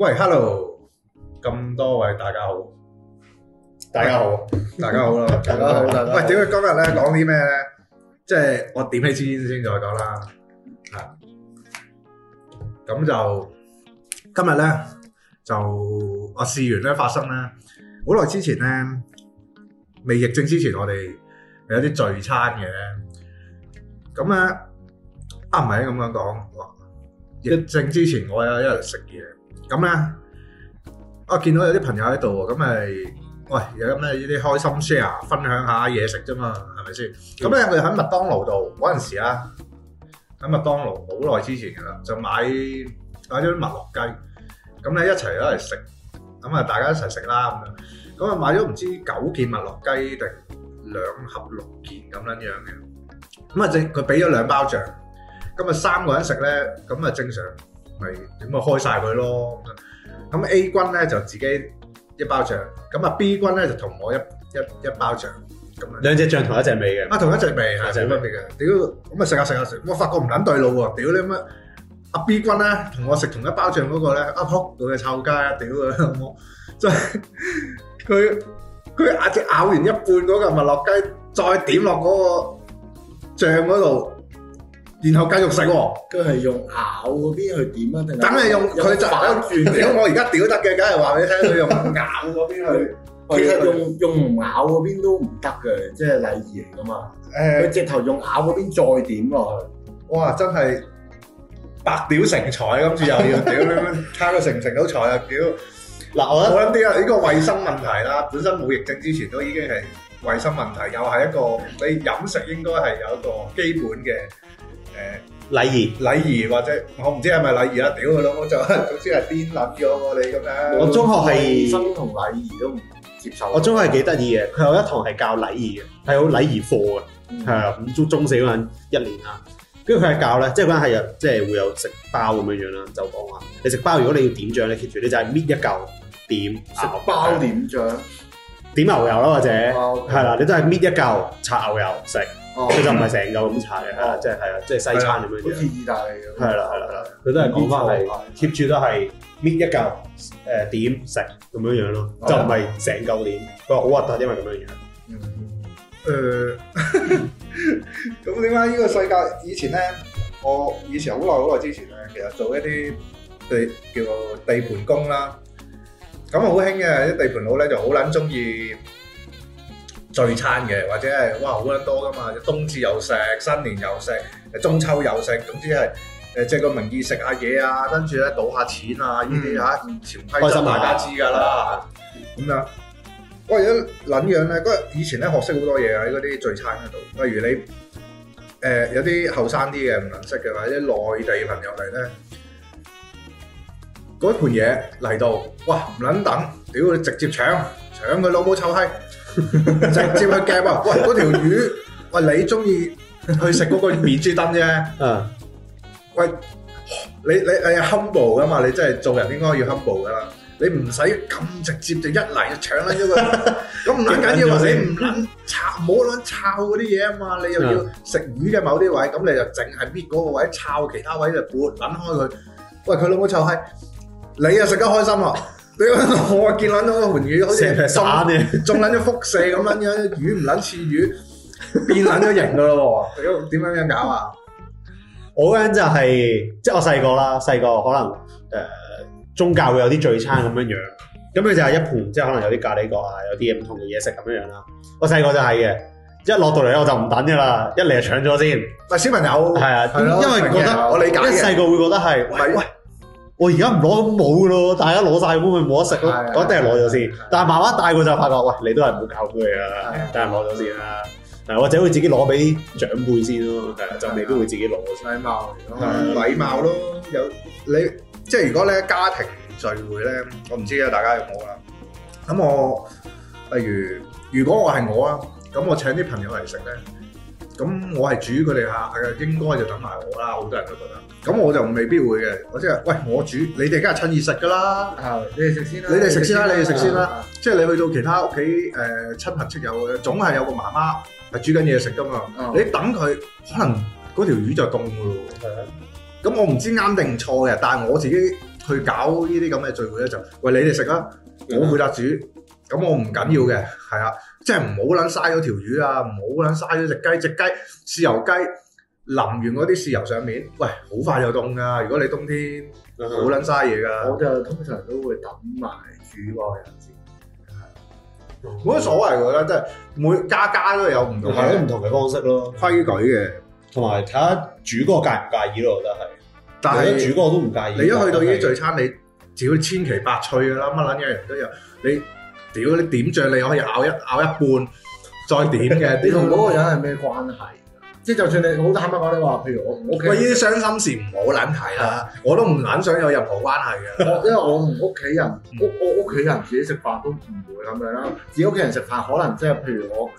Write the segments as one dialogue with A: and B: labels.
A: 喂，hello，咁多位大家好，大家好，大家好啦，大家好，喂，點解今日咧講啲咩咧？即係、 就是、我點起支煙先再講啦，係、嗯。咁就今日咧就我試完咧發生啦。好耐之前咧未疫症之前，我哋有啲聚餐嘅，咁咧啊唔係咁樣講，哇，疫症之前我有一日食嘢。咁咧，我見到有啲朋友喺度喎，咁咪喂，咁咧依啲開心 share，分享下嘢食啫嘛，係咪先？咁咧，佢喺麥當勞度嗰陣時啊，喺麥當勞好耐之前嘅啦，就買買咗啲麥樂雞，咁咧一齊攞嚟食，咁啊大家一齊食啦咁樣，咁啊買咗唔知九件麥樂雞定兩盒六件咁樣樣嘅，咁啊正佢俾咗兩包醬，咁啊三個人食咧，咁啊正常。咪點解開晒佢咯？咁樣，咁 A 君咧就自己一包醬，咁啊 B 君咧就同我一一一包醬，咁兩隻醬同一隻味嘅。啊，同一隻味嚇，就分別嘅。屌、啊，咁啊食下食下食，我發覺唔撚對路喎！屌你乜？阿 B 君咧同我食同一包醬嗰個咧，仆到佢嘅臭街。啊！屌佢，我即係佢佢咬完一半嗰個咪落雞，再點落嗰個醬嗰度。然後繼續食喎，佢係用咬嗰邊去點啊？定係等係用佢就喺度轉,轉、啊。 如果我而家屌得嘅，梗係話俾你聽，佢用咬嗰邊去。 其實用它用唔咬嗰邊都唔得嘅，即係禮儀嚟噶嘛。誒、呃，佢直頭用咬嗰邊再點落去，哇！真係白屌成才咁，今次又要屌睇下佢成唔成都才啊屌！嗱， 我我諗啲啊，呢、呢個衞生問題啦，本身冇疫症之前都已經係衞生問題，又係一個你飲食應該係有一個基本嘅。禮儀禮儀或者我唔知係咪禮儀啦，屌、嗯、佢老母就總之係癲諗咗我哋咁樣。我中學係生同禮儀都唔接受。我中學係幾得意嘅，佢有一堂係教禮儀嘅，係好禮儀課嘅，係、嗯就是、啊，咁中中四嗰陣一年啦，跟住佢係教咧，即係嗰陣係有即係會有食包咁樣樣啦，就講話你食包，如果你要點醬咧，記住你就係搣一嚿點食包點醬，點牛油啦或者係啦，你都係搣一嚿搽牛油食。即係就唔係成嚿咁茶嘅，啊，即係係啊，即係西餐咁樣嘢，好意大利咁。係啦係啦啦，佢都係講翻係 k 住都係搣一嚿誒點食咁樣樣咯，就唔係成嚿點。佢話好核突，因為咁樣樣。誒，咁點解呢個世界以前咧，我以前好耐好耐之前咧，其實做一啲地叫做地盤工啦，咁好興嘅啲地盤佬咧就好撚中意。聚餐嘅或者係哇好得多噶嘛，冬至又食，新年又食，中秋又食，總之係誒借個名義食下嘢啊，跟住咧賭下錢啊呢啲嚇，潛規則大家知㗎啦。咁、嗯、樣我而家撚樣咧，以前咧學識好多嘢喺嗰啲聚餐嗰度，例如你誒、呃、有啲後生啲嘅唔能識嘅或者內地朋友嚟咧，嗰盤嘢嚟到，哇唔撚等，屌你直接搶，搶佢老母臭閪！直接去夾啊！喂，嗰條魚，喂，你中意去食嗰個面珠墩啫。嗯。喂，你你你冚步噶嘛？你真係做人應該要冚步噶啦。你唔使咁直接就一嚟就搶啦，一個咁唔單僅要你唔捻炒冇卵抄嗰啲嘢啊嘛！你又要食魚嘅某啲位，咁你就淨係搣嗰個位，抄其他位就撥捻開佢。喂，佢老母臭閪，你又食得開心啊！你我見撚到個盤魚好似生嘅，仲撚咗輻射咁樣樣， 魚唔撚似魚， 變撚咗型噶咯喎！點 樣樣搞啊？我個人就係、是、即係我細個啦，細個可能誒宗教會有啲聚餐咁樣樣，咁佢就係一盤，即係可能有啲咖喱角啊，有啲唔同嘅嘢食咁樣樣啦。我細個就係、是、嘅，一落到嚟我就唔等噶啦，一嚟就搶咗先。嗱，小朋友，係啊，因為覺得，我理解嘅，一細個會覺得係，喂喂。我而家唔攞咁冇噶咯，大家攞晒會唔會冇得食咯。我一定係攞咗先，但係慢慢大個就發覺，喂，你都係唔好搞佢嚟啦，等人攞咗先啦。嗱，或者會自己攞俾長輩先咯，就未必會自己攞禮貌嚟咯，禮貌咯。有你即係如果咧家庭聚會咧，我唔知啊，大家有冇啦。咁我例如如果我係我啊，咁我請啲朋友嚟食咧。咁我係煮佢哋下，嘅，應該就等埋我啦。好多人都覺得，咁我就未必會嘅。我即係，喂，我煮你哋梗係趁熱食㗎啦，係你哋食先啦，你哋食先啦，你哋食先啦。即係你去到其他屋企誒親朋戚友，嘅，總係有個媽媽係煮緊嘢食㗎嘛。嗯、你等佢，可能嗰條魚就凍㗎咯。係啊、嗯。咁我唔知啱定錯嘅，但係我自己去搞呢啲咁嘅聚會咧，就喂你哋食啦，我負責煮。咁、嗯、我唔緊要嘅，係啊。即係唔好撚嘥咗條魚啊！唔好撚嘥咗隻雞，隻雞豉油雞淋完嗰啲豉油上面，喂，好快就凍㗎！如果你冬天好撚嘥嘢㗎，嗯、我就通常都會揼埋煮過先，冇乜的所謂㗎啦，即係每家家都有唔同，唔同嘅方式咯，規矩嘅，同埋睇下煮個介唔介意咯，我覺得係。但係煮個都唔介意。你一去到呢啲聚餐，的你就要千奇百趣㗎啦，乜撚嘢人都有，你。屌，你點醬你可以咬一咬一半，再點嘅。 你同嗰個人係咩關係？即係就算你好坦白講，你話譬如我，屋企，我喂呢啲傷心事唔好撚提啦， 我都唔撚想有任何關係嘅。 因為我同屋企人，屋屋企人自己食飯都唔會咁樣啦。自己屋企人食飯可能即係譬如我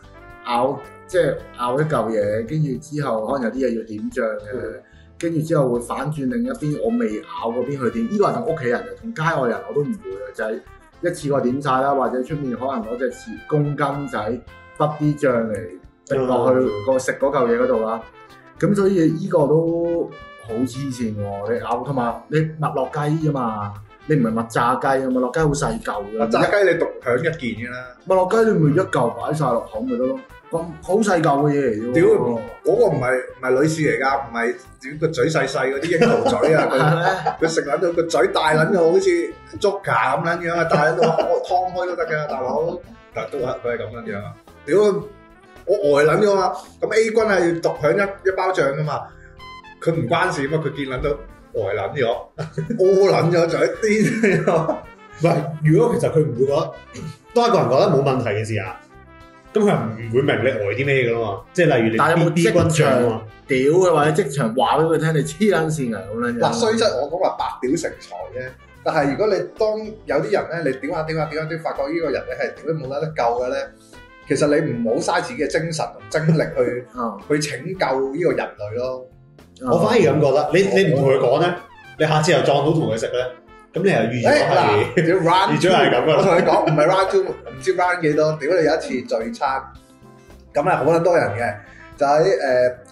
A: 咬即係、就是、咬一嚿嘢，跟住之後可能有啲嘢要點醬嘅，跟住 之，之後會反轉另一邊，我未咬嗰邊去點。呢個係同屋企人，同街外人我都唔會嘅，就係、是。一次過點晒啦，或者出面可能攞隻匙公金仔揼啲醬嚟滴落去個食嗰嚿嘢嗰度啦。咁、嗯、所以依個都好黐線喎！你咬㗎嘛？你麥樂雞㗎嘛，你唔係麥炸雞啊嘛？麥樂雞好細嚿，麥炸雞你獨享一件㗎啦。麥樂雞你咪一嚿擺晒落口咪得咯。嗯嗯咁好細嚿嘅嘢嚟嘅。屌！嗰個唔係唔係女士嚟㗎，唔係屌個嘴細細嗰啲櫻桃嘴啊！佢食撚到個嘴大撚到，好似 Joker 咁撚樣啊！大撚到我劏開都得㗎，大佬，但都係佢係咁樣樣。屌，我呆撚咗啊！咁 A 君係要獨享一一包醬㗎嘛？佢唔關事啊，佢見撚到呆撚咗，餓撚咗就嘴，唔係。 如果其實佢唔會覺得，單一個人覺得冇問題嘅事啊。.咁佢唔會明你呆啲咩噶嘛。即係例如你。但係有冇即場屌啊？或者即場話俾佢聽你黐撚線啊咁樣。話雖則我講話白屌成才啫，但係如果你當有啲人咧，你點下點下點下點，發覺呢個人你係點都冇得救嘅咧，其實你唔好嘥自己嘅精神同精力去 去拯救呢個人類咯。 我反而咁覺得，你你唔同佢講咧，你下次又撞到同佢食咧。咁、嗯、你又預咗啦？點 run？預咗係咁啊！Two, 我同你講，唔係 round two 唔知 round 幾多？點解你有一次聚餐咁啊？好撚多人嘅，就喺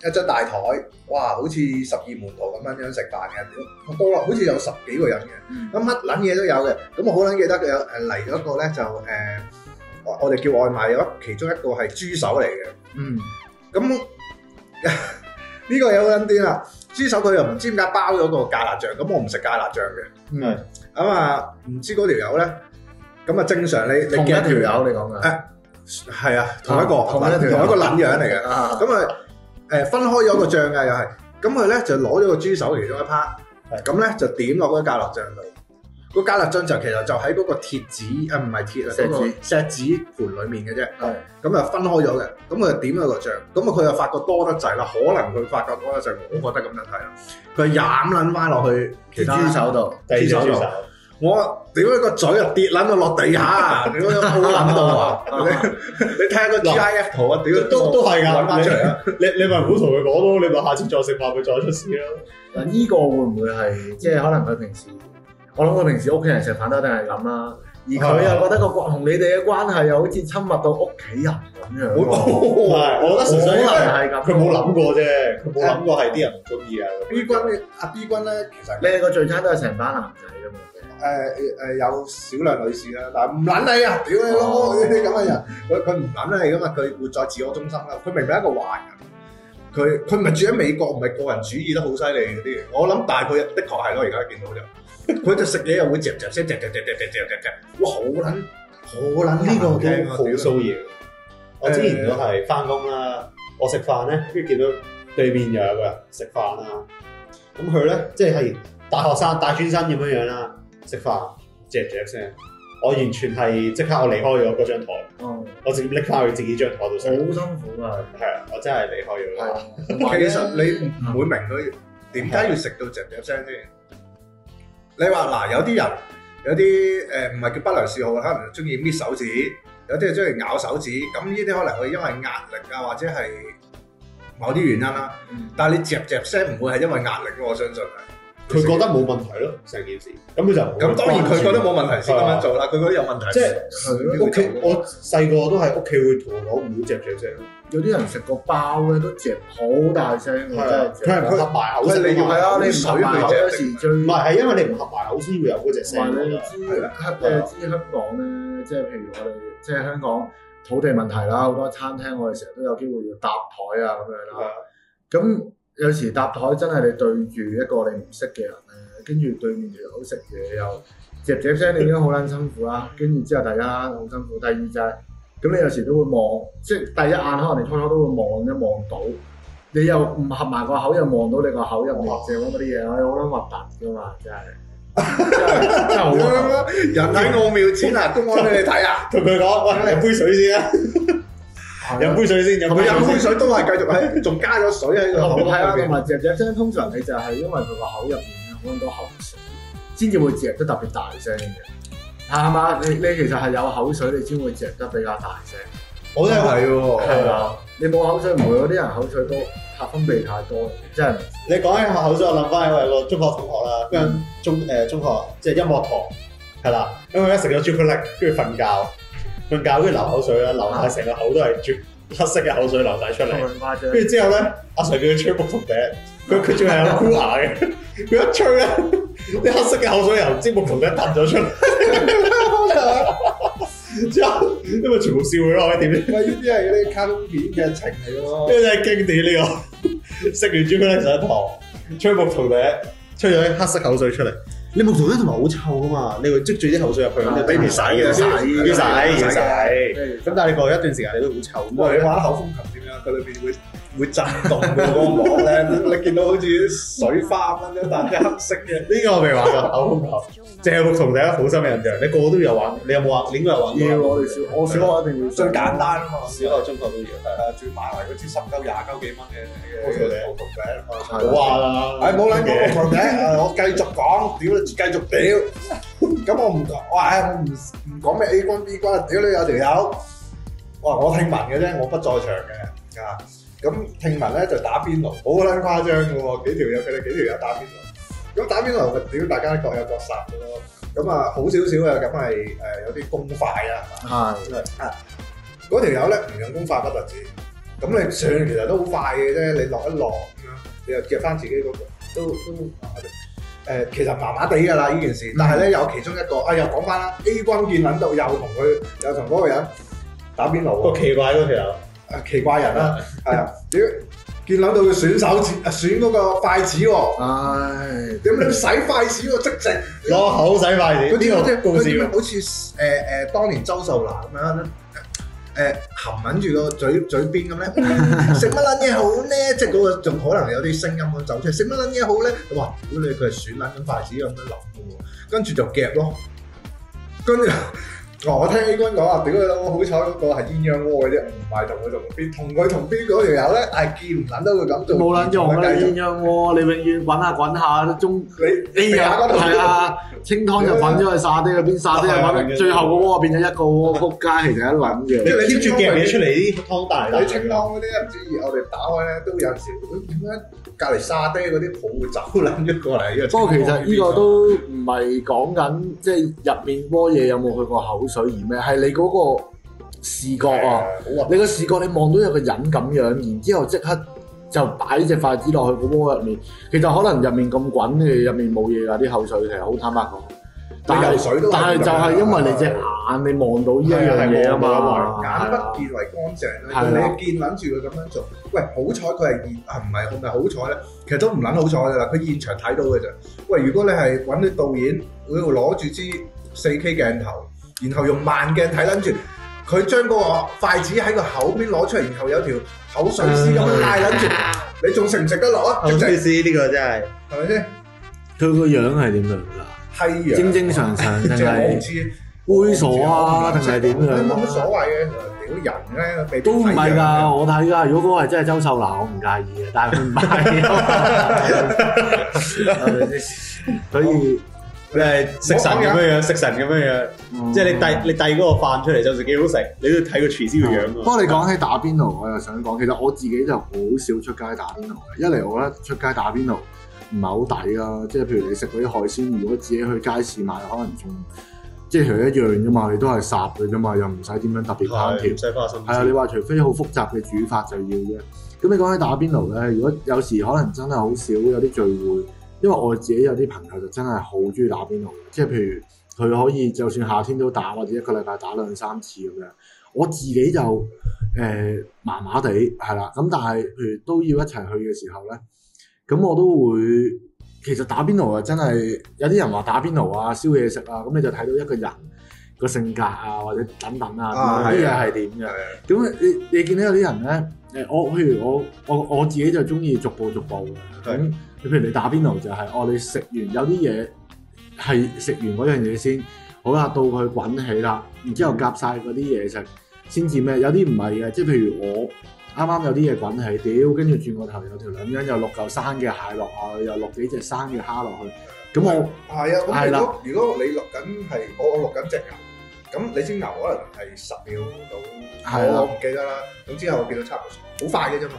A: 誒一張大枱，哇！好似十二門徒咁樣樣食飯嘅，好多啦，好似有十幾個人嘅。咁乜撚嘢都有嘅。咁我好撚記得佢有誒嚟咗一個咧，就誒、呃、我哋叫外賣有一，其中一個係豬手嚟嘅。嗯，咁呢 個有撚啲啦。豬手佢又唔知點解包咗個芥辣醬，咁我唔食芥辣醬嘅。嗯，咁啊、嗯，唔知嗰條友咧，咁啊正常你一你幾條友你講啊？誒、哎，係啊，同一個同一條同一個撚樣嚟嘅。啊，咁啊誒，分開咗個醬㗎又係，咁佢咧就攞咗個豬手其中一 part，咁咧就點落嗰個芥辣醬度。個加勒樽就其實就喺嗰個鐵子唔係鐵啊，石子石子盤裡面嘅啫。咁啊分開咗嘅，咁佢就點咗個像。咁啊佢又發覺多得滯啦，可能佢發覺多得滯，我覺得咁樣睇啦。佢抌撚翻落去豬手度，手度。我屌，點解個嘴啊跌撚到落地下，你嗰個好撚到啊！你睇下個 GIF 圖啊，屌都都係㗎，你你咪唔好同佢講囉，你咪下次再食飯咪再出事啦。嗱，呢個會唔會係即係可能佢平時？我諗我平時屋企人食飯都一定係咁啦，而佢又覺得個同你哋嘅關係又好似親密到屋企人咁樣。我覺得純粹可能係咁。佢冇諗過啫，佢冇諗過係啲人唔中意啊。啊 B 君阿 B 君咧，君呢其實你哋個聚餐都係成班男仔噶嘛？誒誒、呃，有少量女士啦，但係唔捻你啊，屌你咯，啲咁嘅人，佢佢唔捻你噶嘛，佢活在自我中心啦，佢明明係一個壞人。佢佢唔係住喺美國，唔係個人主義得好犀利嗰啲。我諗，但係佢的確係咯，而家見到就，佢就食嘢又會嚼嚼聲，嚼嚼嚼嚼嚼嚼嚼，哇！好撚好撚呢個嘅，好騷擾。我之前都係翻工啦，我食飯咧，跟住見到對面有個人食飯啦，咁佢咧即係大學生大專生咁樣樣啦，食飯嚼嚼聲。我完全係即刻我離開咗嗰張台，哦、我直接拎翻去自己張台度食。好辛苦啊！係啊，我真係離開咗。其實你唔會明佢點解要食到嚼嚼聲先。的你話嗱，有啲人有啲誒唔係叫不良嗜好，可能中意搣手指，有啲係中意咬手指。咁呢啲可能佢因為壓力啊，或者係某啲原因啦、啊。嗯、但係你嚼嚼聲唔會係因為壓力、啊、我相信係。佢覺得冇問題咯，成件事，咁佢就咁當然佢覺得冇問題先咁樣做啦，佢覺得有問題即係屋企，我細個都係屋企會攞唔會嚼嚼聲。有啲人食個包咧都嚼好大聲，真係佢唔合埋口先，係啊，你唔合埋口有時最唔係係因為你唔合埋口先會有嗰隻聲。我知香知香港咧，即係譬如我哋即係香港土地問題啦，好多餐廳我哋成日都有機會要搭台啊咁樣啦，咁。有時搭台真係你對住一個你唔識嘅人咧，跟住對面條友好食嘢又嚼嚼聲，你已經好撚辛苦啦。跟住之後大家好辛苦。第二就係，咁你有時都會望，即係第一眼可能你初初都會望一望到，你又唔合埋個口又望到你個口又唔合正嗰啲嘢，我好撚核突㗎嘛，真係。 真係好核突。人體奧妙展啊，都俾你睇啊，同佢講，喂，飲杯水先。」啊。 飲杯水先，飲杯，杯水都係繼續喺，仲加咗水喺度，口入邊。係啊、嗯，同埋嚼嚼聲，咳咳通常你就係因為佢個口入邊有好多口水，先至會嚼得特別大聲嘅。係嘛？你你其實係有口水，你先會嚼得比較大聲。
B: 好，都係喎。係、嗯、
A: 你冇口水，唔會有啲人口水多，分泌太多，真係。你講起口水，我諗翻起我中學同學啦，咁、嗯、中誒、呃、中學即係音樂堂，係啦，因佢一食咗朱古力，跟住瞓覺。瞓覺跟住流口水啦，流曬成個口都係絕黑色嘅口水流晒出嚟。跟住之後咧，阿 Sir 叫佢吹牧童笛，佢佢仲係有箍牙嘅。佢一吹咧，啲黑色嘅口水由牧童笛噴咗出嚟。之後因為全部笑咗，我點咧？呢啲係啲卡通片嘅情嚟咯。真係經典呢個，食完朱古力上堂吹牧童笛，吹咗啲黑色口水出嚟。你木頭呢度咪好臭噶嘛？你會積住啲口水入去，咁就俾洗嘅，洗樣，唔咁但係你過一段時間，你都好臭。咁你玩、嗯、口風琴點樣？佢裏邊會會震動嘅個膜咧， 你見到好似啲水花咁樣，但係黑色嘅。呢 個我未玩過 口風琴。淨係同第一好心嘅印象。你個個都有玩，你有冇玩？你應該有玩。我哋小我小學一定要最簡單啊嘛！小學、中學都要。誒，仲要買埋嗰支十九廿九幾蚊嘅。我同你冇同嘅。冇啊！誒，冇理我冇同嘅，我繼續講，屌你，繼續屌。咁我唔講，哇！我唔唔講咩 A 君 B 君。屌你有條友。哇！我聽聞嘅啫，我不在場嘅啊。咁聽聞咧就打邊爐，好撚誇張嘅喎，幾條友佢哋幾條友打邊爐。咁打邊爐，主要大家各有各殺嘅咯。咁啊，好少少啊，咁係誒，有啲公筷啦。係啊，嗰條友咧唔用公筷不特止。
B: 咁你上其實都好
A: 快嘅啫，你落一落咁樣，你又夾翻自己嗰個都都誒，其實麻麻地嘅啦呢件事。但係咧，有其中一個哎呀，講翻啦，A 君見諗到又同佢又同嗰個人打邊爐喎。個奇怪嗰條友，奇怪人啦，係啊，主見樓度佢選手指，選嗰個筷子喎、哦。唉、哎，點解洗筷子喎、哦？直直攞好洗筷子。嗰啲嗰啲故事咩、啊？好似誒誒，當年周秀娜咁樣，誒、呃、含揾住個嘴嘴邊咁咧，食乜撚嘢好咧？即係嗰個仲可能有啲聲音咁走出嚟，食乜撚嘢好咧？哇！估你佢係選撚緊筷子咁樣諗㗎喎，跟住就夾咯，跟住。 哦、我聽 A 君講話，屌佢啦！我好彩嗰個係鴛鴦鍋嘅啫，唔買到我就同佢同邊嗰條友咧，係見唔撚得佢咁做，冇撚用。啦！鴛鴦鍋，你永遠滾下滾下，中你 A、欸、啊嗰度係啊，清湯就滾咗去沙爹嗰邊，沙爹又滾，啊、最後個鍋變咗一個鍋撲街，其實一撚嘅。即係對你添住夾嘢出嚟啲湯大啦，你清湯嗰啲唔知熱，我哋打開咧都有時點解隔離沙爹嗰啲泡沫走撚咗過嚟？嘅。不過其實呢個都唔係講緊，即係入面鍋嘢有冇去過口。水而咩？係你嗰個視覺啊！ 你個視覺，你望到有個人咁樣，然之後即刻就擺隻筷子落去個鍋入面。其實可能入面咁滾，你入面冇嘢㗎，啲口水其實好坦白講，但係 但係就係因為你隻眼你望到呢一樣嘢啊嘛，眼不見為乾淨 你見諗住佢咁樣做，喂，好彩佢係唔係唔係好彩咧？其實都唔撚好彩㗎啦。佢現場睇到嘅啫。喂，如果你係揾啲導演，佢攞住支四 K 鏡頭。然後用慢鏡睇捻住，佢將嗰個筷子喺個口邊攞出嚟，然後有條口水絲咁拉捻住，你仲食唔食得落啊？口水絲呢個真係，係咪先？佢個樣係點樣噶？稀樣，正正常常定係猥瑣啊？定係點樣？冇乜所謂嘅，屌人咧，都唔係噶，我睇噶。如果嗰個係真係周秀娜，我唔介意嘅，但係佢唔係，所以。你係食神咁樣、嗯、神樣，食神咁樣樣，即係你遞你遞嗰個飯出嚟就食幾好食，你都睇個廚師個樣、嗯、不過你講起打邊爐，嗯、我又想講，其實我自己就好少出街打邊爐嘅。一嚟我覺得出街打邊爐唔係好抵啦，即係譬如你食嗰啲海鮮，如果自己去街市買，可能仲即係一樣啫嘛，你都係殺佢啫嘛，又唔使點樣特別烹調，唔使花心。係啊，你話除非好複雜嘅煮法就要啫。咁你講起打邊爐咧，如果有時可能真係好少有啲聚會。因為我自己有啲朋友就真係好中意打邊爐，即係譬如佢可以就算夏天都打，或者一個禮拜打兩三次咁樣。我自己就誒麻麻地係啦，咁、欸、但係譬如都要一齊去嘅時候咧，咁我都會其實打邊爐啊，真係有啲人話打邊爐啊，燒嘢食啊，咁你就睇到一個人個性格啊，或者等等啊，啲嘢係點嘅。咁你你見到有啲人咧，誒我譬如我我我自己就中意逐步逐步嘅咁。嗯你譬如你打邊爐就係哦，你食完有啲嘢係食完嗰樣嘢先，好啦，到佢滾起啦，然之後夾晒嗰啲嘢食，先至咩？有啲唔係嘅，即係譬如我啱啱有啲嘢滾起，屌，跟住轉個頭有條女人又落嚿生嘅蟹落去，又落幾隻生嘅蝦落去，咁我係啊，咁如果如果你落緊係我我落緊隻牛，咁你蒸牛可能係十秒到，
B: 係啊，我唔
A: 記得啦，總之係我見到差唔多，好快嘅啫嘛。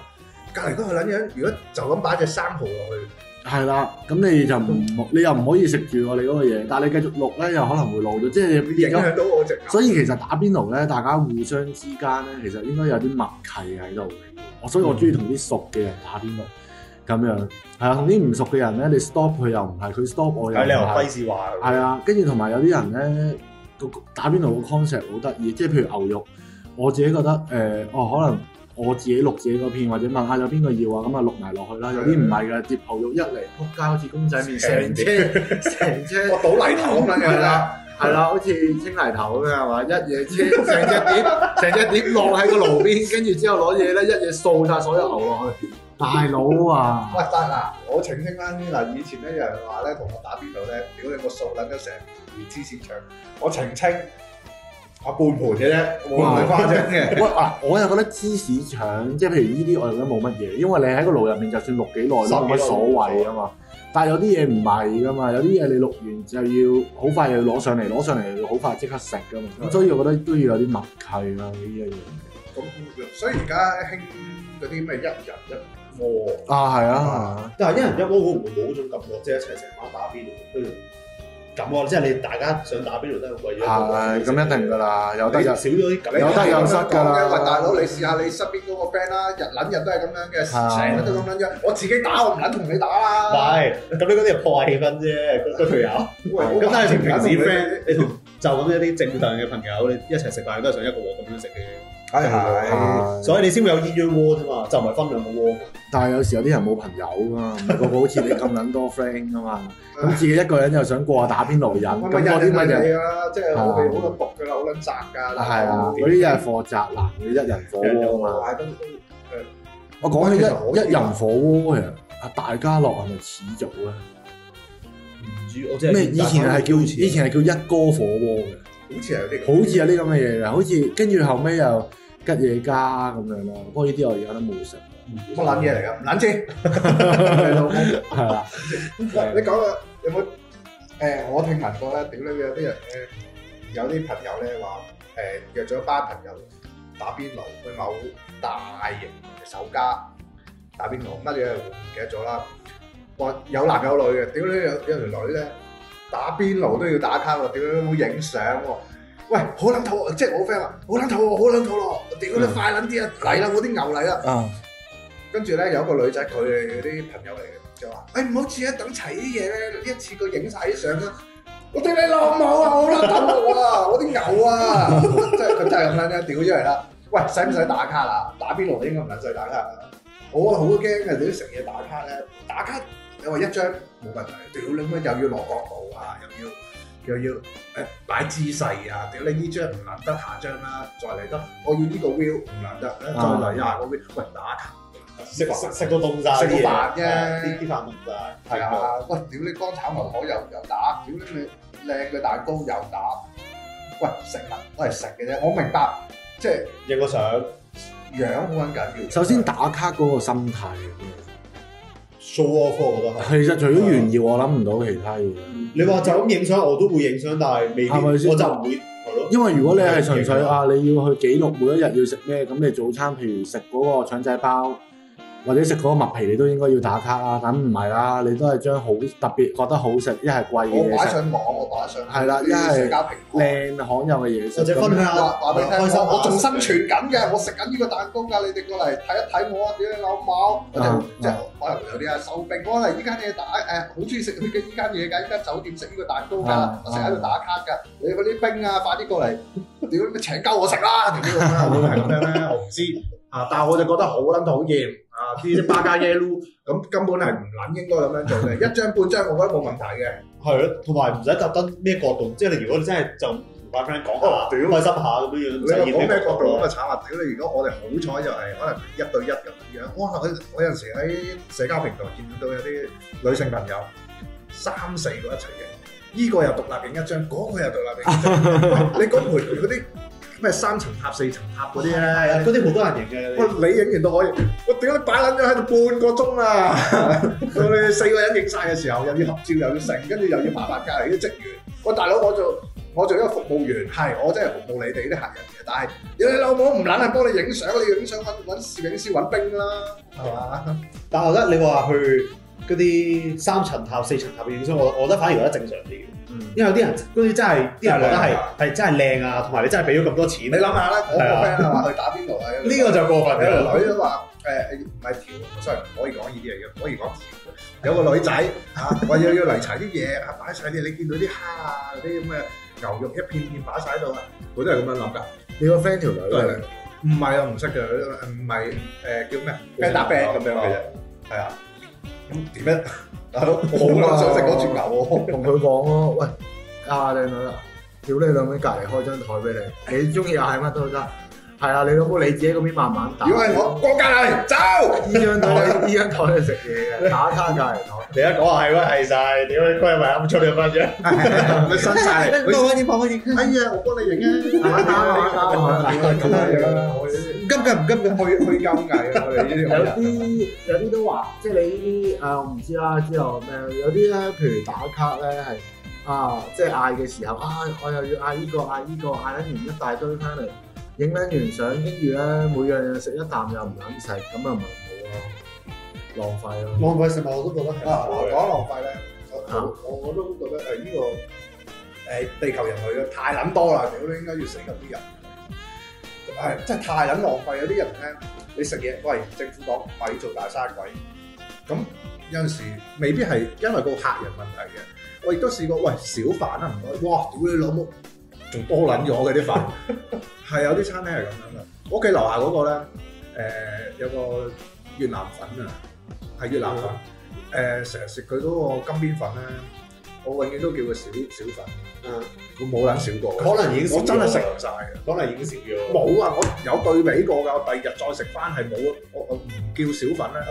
A: 隔離都係諗樣，如果就咁擺隻生蠔落去，係啦，咁你就唔，你又唔可以食住我哋嗰個嘢，但係你繼續錄咧，又可能會老咗，即係影響到我隻。所以其實打邊爐咧，大家互相之間咧，其實應該有啲默契喺度。我所以我中意同啲熟嘅人打邊爐，咁樣係啊，同啲唔熟嘅人咧，你 stop 佢又唔係，佢 stop 我又唔係。咁你又費事話？係啊，跟住同埋有啲人咧，個打邊爐個 concept 好得意，即係譬如牛肉，我自己覺得誒、呃，哦可能。我自己錄自己嗰片，或者問下有邊個要啊？咁啊錄埋落去啦。有啲唔係噶，碟牛肉一嚟，撲街好似公仔麵，成車成車倒泥頭咁樣啦，係啦，好似清泥頭咁樣係嘛？一嘢車，成隻碟，成隻碟落喺個爐邊，跟住之後攞嘢咧，一嘢掃晒所有牛落去。 大佬啊！喂，嗱，我澄清翻啲嗱，以前有人話咧，同我打邊度咧，屌你個掃撚咗成黐線長，我澄清。阿半盤嘅啫，冇唔係花精嘅。喂，嗱，我又覺得芝士腸，即係譬如依啲，我覺得冇乜嘢，因為你喺個爐入面就算錄幾耐都冇乜所謂啊嘛。但係有啲嘢唔係噶嘛，嗯、有啲嘢你錄完就要好快又要攞上嚟，攞、嗯、上嚟又好快即刻食噶嘛。咁、嗯、所以，我覺得都要有啲默契啊，呢一樣嘢，咁，所以而家興嗰啲咩一人一鍋啊，係啊，但係一人一鍋，我唔會冇嗰種感覺，即係一齊食煲打邊爐。咁喎，即係你大家想打邊爐都係咁鬼樣。係，咁一定噶啦，有得又少咗啲咁有得有失噶啦，喂，大佬，你試下你身邊嗰個 friend 啦，日撚日都係咁樣嘅，成日都咁撚樣。我自己打我唔撚同你打啦。唔係，咁你嗰啲係破壞氣氛啫，個隊友。咁但係平時 friend，你同就咁一啲正常嘅朋友，你一齊食飯都係想一個鑊咁樣食嘅。係，所以你先會有鴛鴦鍋啫嘛，就唔係分兩個鍋。但係有時有啲人冇朋友噶嘛，唔係個個好似你咁撚多 friend 噶嘛，咁自己一個人又想過下打邊爐癮，咁有啲咪就即係好嘅，好撚毒噶啦，好撚宅噶啦。係啊，嗰啲又係火宅男嘅一人火鍋啊嘛。我講起一一人火鍋啊，大家樂係咪始祖咧？唔知我即係咩？以前係叫以前係叫一哥火鍋嘅，好似係有啲，好似係啲咁嘅嘢，好似跟住後尾又。吉野家咁樣咯，不過呢啲我而家都冇食，乜撚嘢嚟㗎？撚啫，係 你講啊？有冇？誒、欸，我聽聞過咧，屌、呃、你，有啲人咧，有啲朋友咧話誒約咗班朋友打邊爐，去某大型嘅酒家打邊爐，乜嘢唔記得咗啦。話有男有女嘅，屌、呃、你，有有條女咧打邊爐都要打卡喎，屌、呃、你，好影相喎。喂，好捻肚，即係我 friend 話，好捻肚，好捻肚咯！屌你，嗯、快捻啲啊！嚟啦，我啲牛嚟啦！跟住咧，有一個女仔，佢哋啲朋友嚟嘅，就話：哎唔好似啊，等齊啲嘢咧，呢一次過影晒啲相啦！我對你老母啊，好捻肚啊， 我啲牛啊！ 即係佢真係咁捻嘅，屌出嚟啦！喂，使唔使打卡啦？打邊爐應該唔捻使打卡。我好驚你哋食嘢打卡咧，打卡你話一張冇問題，屌你乜又要落角度啊，又要。又要又要又要誒擺、哎、姿勢啊！屌你呢張唔難得，下張啦、啊，再嚟得，我要呢個 view 唔難得，再嚟廿個 view。喂，打卡
B: 食食食到凍曬，食到飯啫，呢
A: 啲飯真係啊！喂，屌你乾炒牛河又又打，屌你靚個蛋糕又打，喂食啊！都係食嘅啫，我明白，即係影個相，照樣好緊要。首先打卡嗰個心態。show 我科，我覺得係。其實除咗炫耀，Yeah. 我諗唔到其他嘢。你話就咁影相，我都會影相，但係未必，係咪先？我就唔會。Right. 因為如果你係純粹啊， 你要去記錄每一日要食咩，咁你早餐譬如食嗰個腸仔包，或者食嗰個麥皮，你都應該要打卡啦。噉唔係啦，你都係將好特別覺得好食，一係貴嘢。我擺上網，我擺上。係啦，一係靚巷入嘅嘢食。或者分享下話俾你聽，開心，我仲生存緊嘅，我食緊呢個蛋糕㗎。你哋過嚟睇一睇我啊！屌你老母，即係即係可能有啲阿收兵，我嚟依家你打誒，好中意食佢嘅依間嘢㗎，依家酒店食呢個蛋糕㗎，我成日喺度打卡㗎。你嗰啲兵啊，快啲過嚟，屌你請鳩我食啦！點解會係咁樣咧？我唔知。啊！但係我就覺得好撚討厭啊！啲巴加耶咁 根本係唔撚應該咁樣做嘅，一張半張我覺得冇問題嘅。係咯、 啊，同埋唔使特登咩角度，即係你如果你真係就同班 friend 講嚇，屌， 開心下咁樣樣，唔使揼咩角度咁啊慘啊屌！你 如果我哋好彩就係、是、可能一對一咁樣樣，哇！我我有陣時喺社交平台見到有啲女性朋友三四個一齊嘅，呢個又獨立影一張，嗰個又獨立影一張，你嗰盤嗰啲。咩三層塔四層塔嗰啲咧？嗰啲好多人影嘅。喂，你影、哦、完都可以。我屌你擺撚咗喺度半個鐘啊！ 我哋四個人影晒嘅時候，又要合照又要盛，跟住又要麻煩隔籬，啲職員。我、哦、大佬我做我做一個服務員，係是我真係服務你哋啲客人嘅。但係你老母唔撚係幫你影相，你影相揾揾攝影師揾兵啦，係嘛？吧 但係我覺得你話去。嗰啲三層塔、四層塔嘅影所，我我覺得反而覺得正常啲，因為有啲人啲真係啲人覺得係係真係靚啊，同埋你真係俾咗咁多錢，你諗下啦，我個 friend 係話去打邊爐啊，呢個就過分，有個女都話誒唔係條 sorry 唔可以講呢啲嘢嘅，可以講有個女仔嚇，話要要嚟齊啲嘢啊，擺晒啲，你見到啲蝦啊嗰啲咁嘅牛肉一片片擺晒喺度啊，佢都係咁樣諗㗎。你個 friend 條女都係唔係啊？唔識嘅，唔係誒叫咩？打邊咁樣其實，係啊。點樣？大佬、嗯，好想食嗰串牛。同佢講咯，喂，阿靚女，啊！屌你兩位隔籬開張台俾你，你中意食咩都得。係啊，你都冇你自己嗰邊慢慢打。如果係我過界嚟，走！依張台，依張台食嘢嘅打卡界嚟講，你一講話係喎係曬，點會過嚟？唔出兩張，唔使晒！曬。唔好開啲，唔好開啲。哎呀，我幫你贏啊！玩打，玩打，玩打，玩打，贏啊！唔急㗎唔急㗎去去交藝啊！我哋呢啲有啲有啲都話，即係你呢啲誒，我唔知啦，之後咩？有啲咧，譬如打卡咧係啊，即係嗌嘅時候啊，我又要嗌呢個嗌呢個嗌緊完一大堆翻嚟。影翻完相，跟住咧每樣嘢食一啖又唔肯食，咁啊唔好咯，浪費咯。浪費食物我都、啊、覺得係、這、啊、個，講浪費咧，我我都覺得係呢個誒地球人類啊，太諗多啦，屌都應該要死咁啲人，係真係太諗浪，浪費，有啲人咧你食嘢，喂政府講唔做大沙鬼，咁有陣時未必係因為個客人問題嘅，我亦都試過喂少飯啊，唔該，哇屌你老母！仲多撚咗嘅啲飯，係有啲餐廳係咁樣嘅。我屋企樓下嗰個咧，誒、呃、有個越南粉啊，係越南粉。誒成日食佢嗰個金邊粉咧，我永遠都叫佢小小粉。嗯，我冇撚少過。可能已經我真係食唔晒，可能已經少咗。冇啊！我有對比過㗎，我第二日再食翻係冇，我唔叫小粉咧、啊，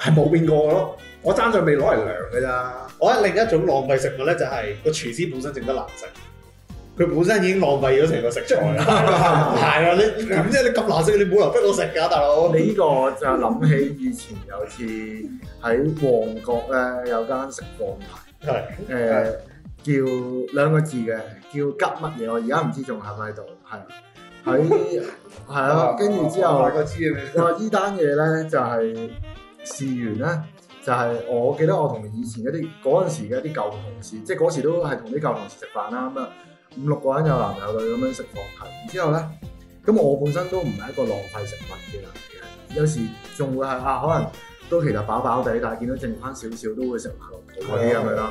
A: 係冇、嗯、變過咯。我爭在未攞嚟涼㗎咋。我覺得另一種浪費食物咧、就是，就係個廚師本身整得難食，佢本身已經浪費咗成個食材啦，係啊！ 你點啫？你咁難食，你冇理由逼我食㗎，大佬。你呢個就諗起以前有次喺旺角咧，有間食放題，係、 呃、叫兩個字嘅叫吉乜嘢？我而家唔知仲喺唔喺度，係喺係咯。跟住 之後， 我知嘅咩？我依單嘢咧就係試完咧，就係、是就是、我記得我同以前一啲嗰陣時嘅一啲舊同事，即係嗰時都係同啲舊同事食飯啦咁啊。五六個人有男有女咁樣食放題，然之後咧，咁我本身都唔係一個浪費食物嘅人嘅，有時仲會係啊，可能都其實飽飽地，但係見到剩翻少少都會食埋落肚啲咁樣，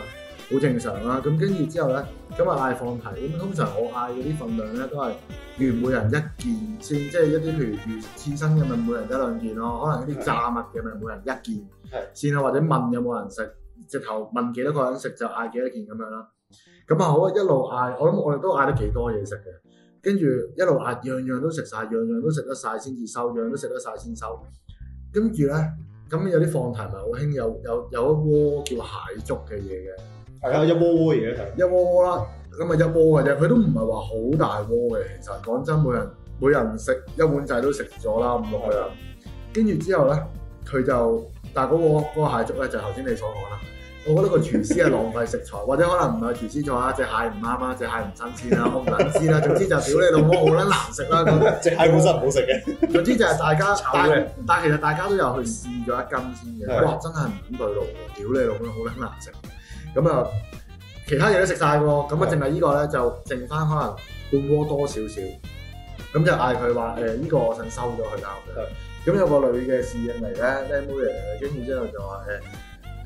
A: 好正常啦。咁跟住之後咧，咁啊嗌放題，咁通常我嗌嗰啲份量咧都係預每人一件先，即係一啲譬如魚刺身嘅咪每人得兩件咯，可能一啲炸物嘅咪的每人一件先啊，的然後或者問有冇人食，直頭問幾多個人食就嗌幾多件咁樣啦。咁啊好，一路嗌，我諗我哋都嗌得幾多嘢食嘅，跟住一路嗌，樣樣都食晒，樣樣都食得晒先至收，樣樣都食得晒先收。跟住咧，咁有啲放題咪好興，有有有一鍋叫蟹粥嘅嘢嘅，係啊的，一鍋鍋嘢一鍋鍋啦，咁咪的一鍋嘅啫，佢都唔係話好大鍋嘅。其實講真，每人每人食一碗仔都食咗啦，咁落去啊。跟住之後咧，佢就，但係嗰個嗰個蟹粥咧就頭先你所講啦。我覺得個廚師係浪費食材，或者可能唔係廚師做下隻蟹唔啱啊，隻蟹唔新鮮啦，我唔撚知啦。總之就屌你老母好撚難食啦，隻蟹本身唔好食嘅。總之就係大家炒嘅，但其實大家都有去試咗一斤先嘅，哇！真係唔敢對路喎，屌你老母好撚難食。咁啊，其他嘢都食晒喎，咁啊淨係呢個咧就剩翻可能半鍋多少少，咁就嗌佢話誒呢個我想收咗佢啦。咁有個女嘅侍應嚟咧，靚妹嚟嘅，跟住之後就話誒。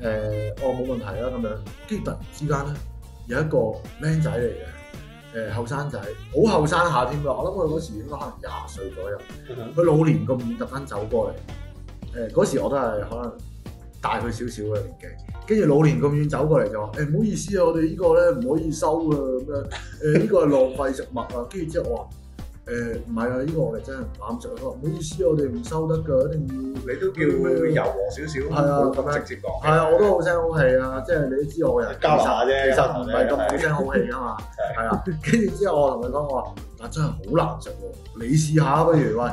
A: 誒、嗯，我冇問題啦，咁樣，跟住突然之間咧，有一個靚仔嚟嘅，誒後生仔，好後生下添啊！我諗佢嗰時應該可能廿歲左右，佢老遠咁遠特登走過嚟，誒、欸、嗰時我都係可能大佢少少嘅年紀，跟住老遠咁遠走過嚟就話，誒、欸、唔好意思啊，我哋呢個咧唔可以收啊，咁樣，誒、欸、呢、呢個係浪費食物啊，跟住之後我話。誒唔係啊！呢個我哋真係難食啊！唔好意思，我哋唔收得㗎，一定要你都叫柔和少少，冇咁直接講。係啊，我都好聲好氣啊！即係你都知我個人交茶啫，其實唔係咁好聲好氣啊嘛。係啊，跟住之後我同佢講我話，但真係好難食喎！你試下不如喂。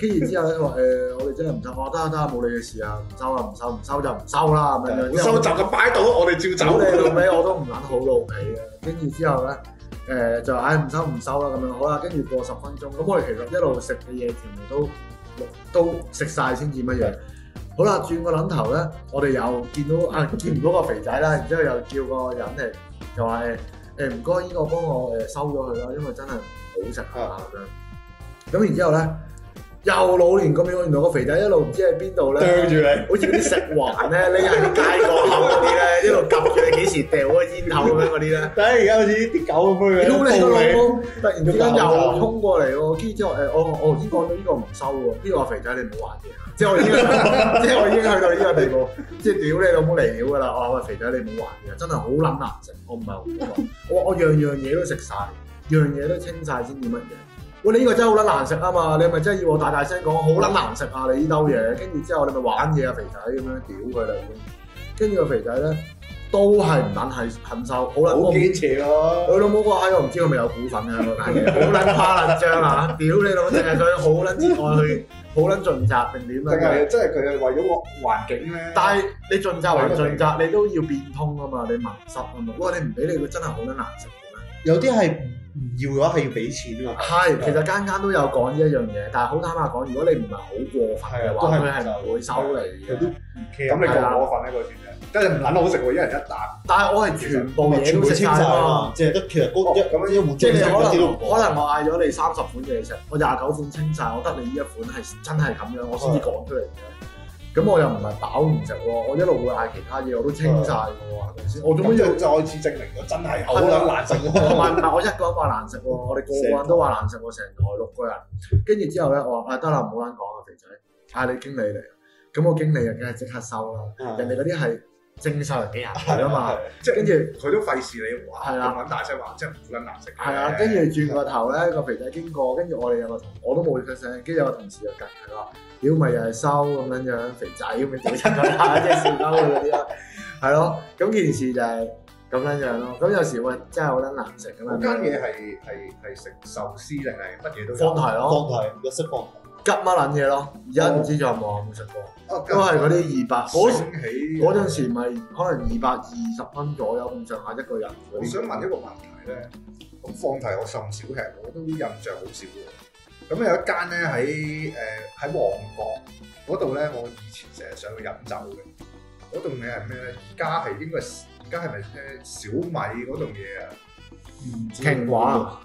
A: 跟住之後咧話誒，我哋真係唔收。我得啊得啊，冇你嘅事啊，唔收啊，唔收唔收，就唔收啦咁樣。收就咁擺到我哋照走。到尾我都唔懶好露皮啊。跟住之後咧。誒、呃、就係唔、哎、收唔收啦咁樣好啦，跟住過十分鐘，咁我哋其實一路食嘅嘢全部都都食晒先至乜樣，好啦，轉個諗頭咧，我哋又見到啊見唔到個肥仔啦，然之後又叫個人嚟，就話誒唔該，呢、欸、個幫我誒收咗佢啦，因為真係好食嘅，咁、嗯、然之後咧。又老年咁樣，原來個肥仔一路唔知喺邊度咧，釣住你，好似啲食環咧，匿喺街角口嗰啲咧，一路撳住你幾時掉個煙頭咧嗰啲咧，等下而家好似啲狗咁樣屌你老母，突然之間又衝過嚟喎，跟住之後誒，我我頭先講到呢個唔、這個、收喎，呢、這個肥仔你唔好話嘢， 即係我已經、這個，即係我已經去到呢個地步，即係屌你老母嚟料㗎啦，我話肥仔你唔好話嘢，真係好撚難食，我唔係好話，我我樣樣嘢都食曬，樣嘢都清晒先至乜嘢。喂你呢個真係好撚難食啊嘛！你係咪真係要我大大聲講好撚難食啊？你呢兜嘢，跟住之後你咪玩嘢啊，肥仔，咁樣屌佢啦，已跟住個肥仔咧都係唔撚係肯收，好撚堅持咯。佢、啊、老母個閪我唔知佢咪有股份嘅喎，打嘢好撚誇撚張啊！屌、啊、你老母！淨係佢好撚熱愛去，好撚盡責定點啊？定係真係佢係為咗個環境咧？但係你盡責還盡責，你都要變通啊嘛！你盲塞係咪？哇！你唔俾你，佢真係好撚難食嘅。咩？有啲係。唔要嘅話係要俾錢啊！係，其實間間都有講呢一樣嘢，但係好坦白講，如果你唔係好過分嘅話，佢係咪會收你嘅。咁你過唔過分咧？嗰次即係唔撚好食喎，一人一啖。但係我係全部嘢全部清晒喎，即係一其實嗰一咁樣一碗粥，可能可能我嗌咗你三十款嘢食，我廿九款清晒。我得你呢一款係真係咁樣，我先至講出嚟嘅。咁我又唔係飽唔食喎，我一路會嗌其他嘢，我都清晒㗎喎，係咪先？我做咩要再次證明我真係好撚難食？唔係唔係，我一個人話難食喎，我哋個個人都話難食，我成台六個人。跟住之後咧，我話誒得啦，唔好撚講啊，肥仔，嗌你經理嚟。咁我經理啊梗係即刻收啦，人哋嗰啲係正修人，嘅人嚟㗎嘛，即係跟住佢都費事你話係啦，撚大聲話即係好撚難食。係啊，跟住轉個頭咧，個肥仔經過，跟住我哋有個同我都冇出聲，跟住有個同事就夾佢啦。料咪又係收咁樣樣，肥仔咁樣做出咁啊，即係收嗰啲啦，係咯，咁件事就係咁樣樣咯。咁有時我真係好撚難食咁啊！嗰間嘢係係係食壽司定係乜嘢都？放題咯，放題各式放題，急乜撚嘢咯？而家唔知仲有冇冇食過？都係嗰啲二百，嗰起嗰陣時咪可能二百二十蚊左右咁上下一個人。我想問一個問題咧，咁放題我甚少食，我都印象好少嘅。咁咧有一間咧喺誒喺旺角嗰度咧，我以前成日上去飲酒嘅嗰棟嘢係咩咧？而家係應該而家係咪誒小米嗰棟嘢啊？瓊華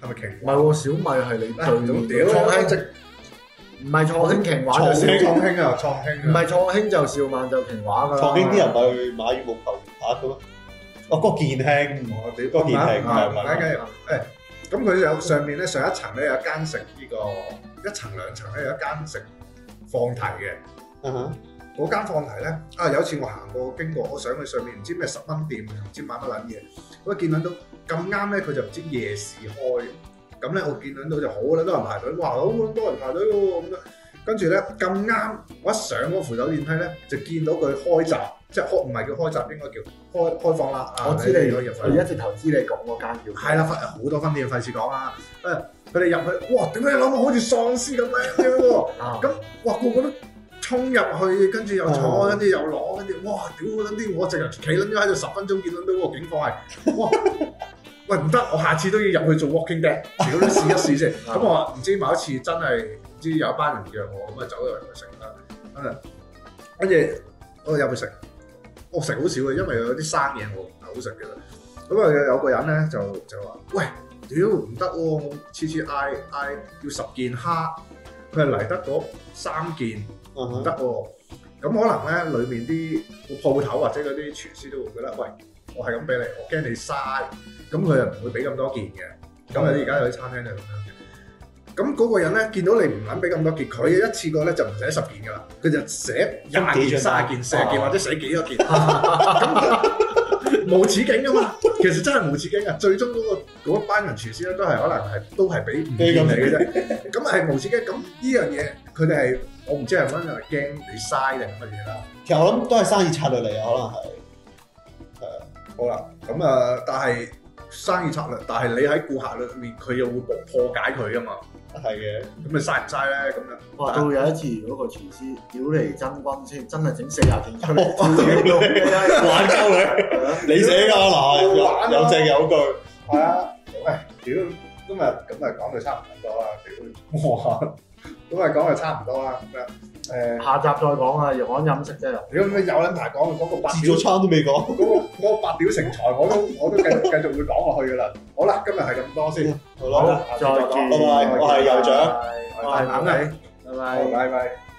A: 係咪瓊？唔係喎，小米係你都係總點咯？創興唔係創興瓊華，創興創興啊！創興唔係創興就兆萬就瓊華噶。創興啲人咪去買羽毛球拍咁咯？哦，郭建興，郭建興唔係問啦。咁佢有上面咧，上一層咧有一間食呢、呢個一層兩層咧有一間食放題嘅，嗰、uh huh. 間放題咧啊，有一次我行過經過，我上去上面唔知咩十蚊店，唔知買乜撚嘢，我、嗯、見到咁啱咧佢就唔知夜市開，咁咧我見到就好撚多人排隊，哇，好多人排隊喎咁。嗯跟住咧咁啱，我一上嗰扶手電梯咧，就見到佢開閘，即係開，唔係叫開閘，應該叫開開放啦。我知你去、啊、入去，我一直投資你講嗰間叫。係啦， 好多分店，費事講啦。誒、哎，佢哋入去，哇！點解你諗到好似喪屍咁樣樣喎？咁 哇，個個都衝入去，跟住又坐，跟住 又攞，跟住哇！屌嗰陣啲我直情企撚咗喺度，十分鐘見撚到喎，勁快！ 喂，唔得，我下次都要入去做 walking dead，屌，試一試先。咁我唔知某一次真係，唔知有一班人約我，咁、嗯、啊走咗入、嗯、去食啦。跟住我入去食，我食好少嘅，因為有啲生嘢我唔係好食嘅啦。咁、嗯、啊、嗯、有個人咧就就話，喂，屌唔得喎，我次次嗌嗌要十件蝦，佢係嚟得嗰三件唔得喎。咁可能咧，裏面啲鋪頭或者嗰啲廚師都會覺得，喂。我係咁俾你，我驚你嘥，咁佢又唔會俾咁多件嘅，咁有而家有啲餐廳就係咁樣嘅。咁嗰、哦、個人咧見到你唔諗俾咁多件，佢一次過咧就唔使十件噶啦，佢就寫廿幾件、卅、嗯、件、十件、件、哦、或者寫幾多件，咁、啊啊、無止境啊嘛。其實真係無止境啊！最終嗰、嗰個一、嗰個、班人廚師咧都係可能係都係俾唔俾你嘅啫，咁係人 無止境。咁呢樣嘢佢哋係我唔知係因為驚你嘥定乜嘢啦。其實我諗都係生意策略嚟嘅，可能係。 好啦，咁啊，但係生意策略，但係你喺顧客裏面，佢又會破破解佢噶嘛？係嘅的，咁、嗯、啊嘥唔嘥咧？咁樣哇！到有一次嗰、這個廚師屌嚟、嗯、真君先，真係整四廿件出嚟，玩鳩、哦、你，你寫噶嗱，有有正有據，係啊，咁屌今日咁啊，講、嗯、到 差唔多啦，屌、嗯、哇，咁 啊，講就差唔多啦咁樣。誒，下集再講啊，又講飲食啫又。如果有撚排講，講個。自助餐都未講，嗰個八表成才我都我都繼繼續會講落去噶啦。好啦，今日係咁多先。好，再講。拜拜。我係酋長。拜拜。拜拜。拜拜。